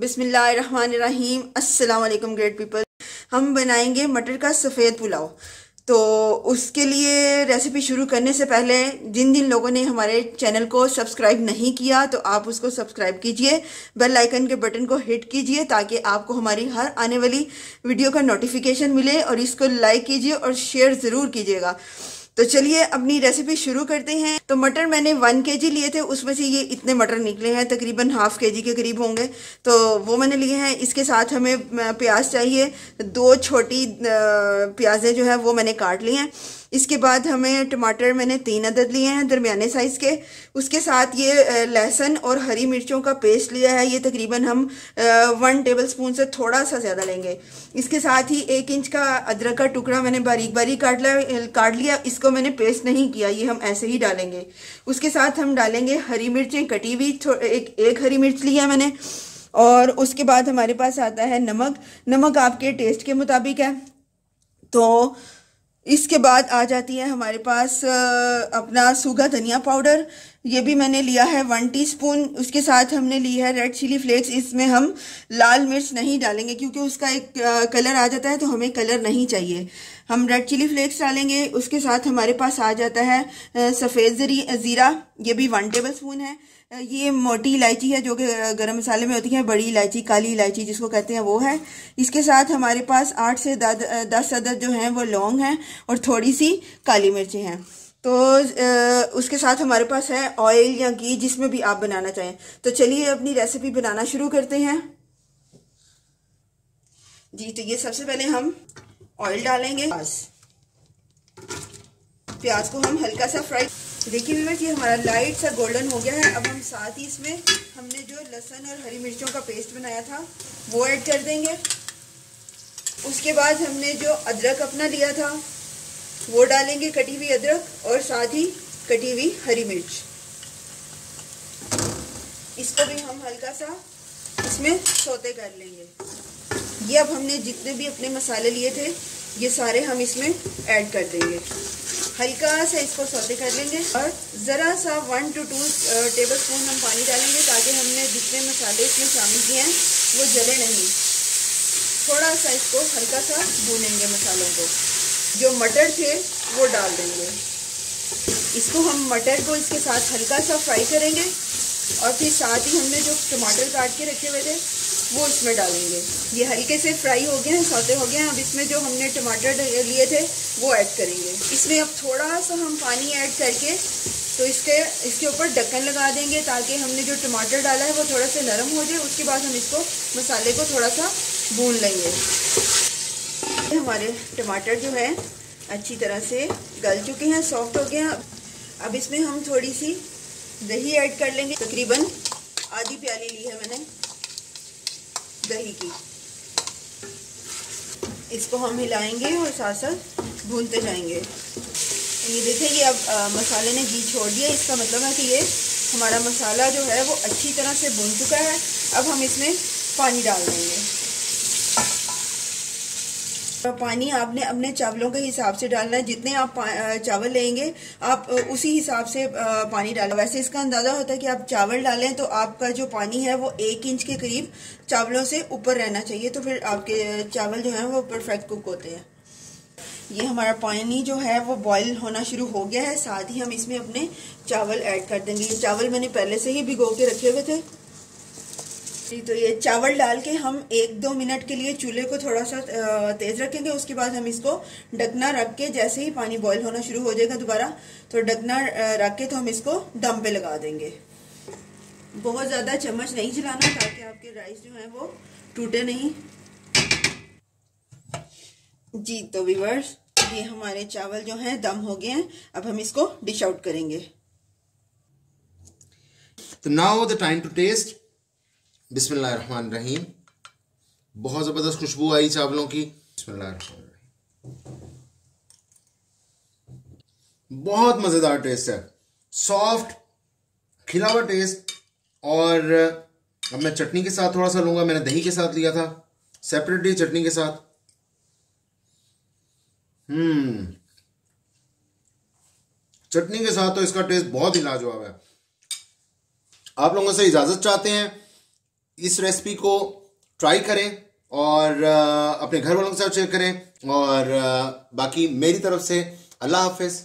बिसमीम अल्लाम great people हम बनाएंगे मटर का सफ़ेद पुलाव तो उसके लिए रेसिपी शुरू करने से पहले जिन जिन लोगों ने हमारे चैनल को सब्सक्राइब नहीं किया तो आप उसको सब्सक्राइब कीजिए बेल आइकन के बटन को हिट कीजिए ताकि आपको हमारी हर आने वाली वीडियो का नोटिफिकेशन मिले और इसको लाइक कीजिए और शेयर ज़रूर कीजिएगा तो चलिए अपनी रेसिपी शुरू करते हैं तो मटर मैंने वन के जी लिए थे उसमें से ये इतने मटर निकले हैं तकरीबन हाफ के जी के करीब होंगे तो वो मैंने लिए हैं इसके साथ हमें प्याज चाहिए दो छोटी प्याजें जो है वो मैंने काट ली हैं इसके बाद हमें टमाटर मैंने तीन अदद लिए हैं दरमियाने साइज़ के उसके साथ ये लहसुन और हरी मिर्चों का पेस्ट लिया है ये तकरीबन हम वन टेबल स्पून से थोड़ा सा ज़्यादा लेंगे इसके साथ ही एक इंच का अदरक का टुकड़ा मैंने बारीक बारीक काट लिया काट लिया इसको मैंने पेस्ट नहीं किया ये हम ऐसे ही डालेंगे उसके साथ हम डालेंगे हरी मिर्चें कटी हुई एक, एक हरी मिर्च लिया मैंने और उसके बाद हमारे पास आता है नमक नमक आपके टेस्ट के मुताबिक है तो इसके बाद आ जाती है हमारे पास अपना सूखा धनिया पाउडर ये भी मैंने लिया है वन टीस्पून उसके साथ हमने ली है रेड चिली फ्लेक्स इसमें हम लाल मिर्च नहीं डालेंगे क्योंकि उसका एक कलर आ जाता है तो हमें कलर नहीं चाहिए हम रेड चिली फ्लेक्स डालेंगे उसके साथ हमारे पास आ जाता है सफ़ेद ज़ीरा ये भी वन टेबल स्पून है ये मोटी इलायची है जो कि गर्म मसाले में होती है बड़ी इलायची काली इलायची जिसको कहते हैं वो है इसके साथ हमारे पास आठ से दस अदद जो हैं वो लौंग हैं और थोड़ी सी काली मिर्चें हैं तो उसके साथ हमारे पास है ऑयल या घी जिसमें भी आप बनाना चाहें तो चलिए अपनी रेसिपी बनाना शुरू करते हैं जी तो ये सबसे पहले हम ऑयल डालेंगे प्याज प्याज को हम हल्का सा फ्राई देखिए मैं कि हमारा लाइट सा गोल्डन हो गया है अब हम साथ ही इसमें हमने जो लहसन और हरी मिर्चों का पेस्ट बनाया था वो ऐड कर देंगे उसके बाद हमने जो अदरक अपना लिया था वो डालेंगे कटी हुई अदरक और साथ ही कटी हुई हरी मिर्च इसको भी हम हल्का सा इसमें सौते कर लेंगे ये अब हमने जितने भी अपने मसाले लिए थे ये सारे हम इसमें ऐड कर देंगे हल्का सा इसको सौते कर लेंगे और ज़रा सा one to two tablespoon हम पानी डालेंगे ताकि हमने जितने मसाले इसमें शामिल किए हैं वो जले नहीं थोड़ा सा इसको हल्का सा भूनेंगे मसालों को जो मटर थे वो डाल देंगे इसको हम मटर को इसके साथ हल्का सा फ्राई करेंगे और फिर साथ ही हमने जो टमाटर काट के रखे हुए थे वो इसमें डालेंगे ये हल्के से फ्राई हो गए हैं सौते हो गए हैं अब इसमें जो हमने टमाटर लिए थे वो ऐड करेंगे इसमें अब थोड़ा सा हम पानी ऐड करके तो इसके इसके ऊपर ढक्कन लगा देंगे ताकि हमने जो टमाटर डाला है वो थोड़ा सा नरम हो जाए उसके बाद हम इसको मसाले को थोड़ा सा भून लेंगे कि हमारे टमाटर जो है अच्छी तरह से गल चुके हैं सॉफ्ट हो गए हैं अब इसमें हम थोड़ी सी दही ऐड कर लेंगे तकरीबन आधी प्याली ली है मैंने दही की इसको हम हिलाएंगे और साथ साथ भूनते जाएंगे ये देखें ये अब आ, मसाले ने घी छोड़ दिया इसका मतलब है कि ये हमारा मसाला जो है वो अच्छी तरह से भुन चुका है अब हम इसमें पानी डाल देंगे पानी आपने अपने चावलों के हिसाब से डालना है जितने आप चावल लेंगे आप उसी हिसाब से पानी डालें वैसे इसका अंदाज़ा होता है कि आप चावल डालें तो आपका जो पानी है वो एक इंच के करीब चावलों से ऊपर रहना चाहिए तो फिर आपके चावल जो हैं वो परफेक्ट कुक होते हैं ये हमारा पानी जो है वो बॉईल होना शुरू हो गया है साथ ही हम इसमें अपने चावल ऐड कर देंगे ये चावल मैंने पहले से ही भिगो के रखे हुए थे जी तो ये चावल डाल के हम एक दो मिनट के लिए चूल्हे को थोड़ा सा तेज़ रखेंगे उसके बाद हम इसको ढकना रख के जैसे ही पानी बॉईल होना शुरू हो जाएगा दोबारा तो ढकना रख के तो हम इसको दम पे लगा देंगे बहुत ज़्यादा चम्मच नहीं चलाना ताकि आपके राइस जो है वो टूटे नहीं जी तो विवर्स ये हमारे चावल जो है दम हो गए हैं अब हम इसको डिश आउट करेंगे So now the time to taste. बिसमान रहीम बहुत ज़बरदस्त खुशबू आई चावलों की बिसमान बहुत मज़ेदार टेस्ट है सॉफ्ट खिला हुआ टेस्ट और अब मैं चटनी के साथ थोड़ा सा लूंगा मैंने दही के साथ लिया था सेपरेटली चटनी के साथ हम्म चटनी के साथ तो इसका टेस्ट बहुत ही लाजवाब है आप लोगों से इजाज़त चाहते हैं इस रेसिपी को ट्राई करें और अपने घर वालों के साथ शेयर करें और बाकी मेरी तरफ से अल्लाह हाफिज़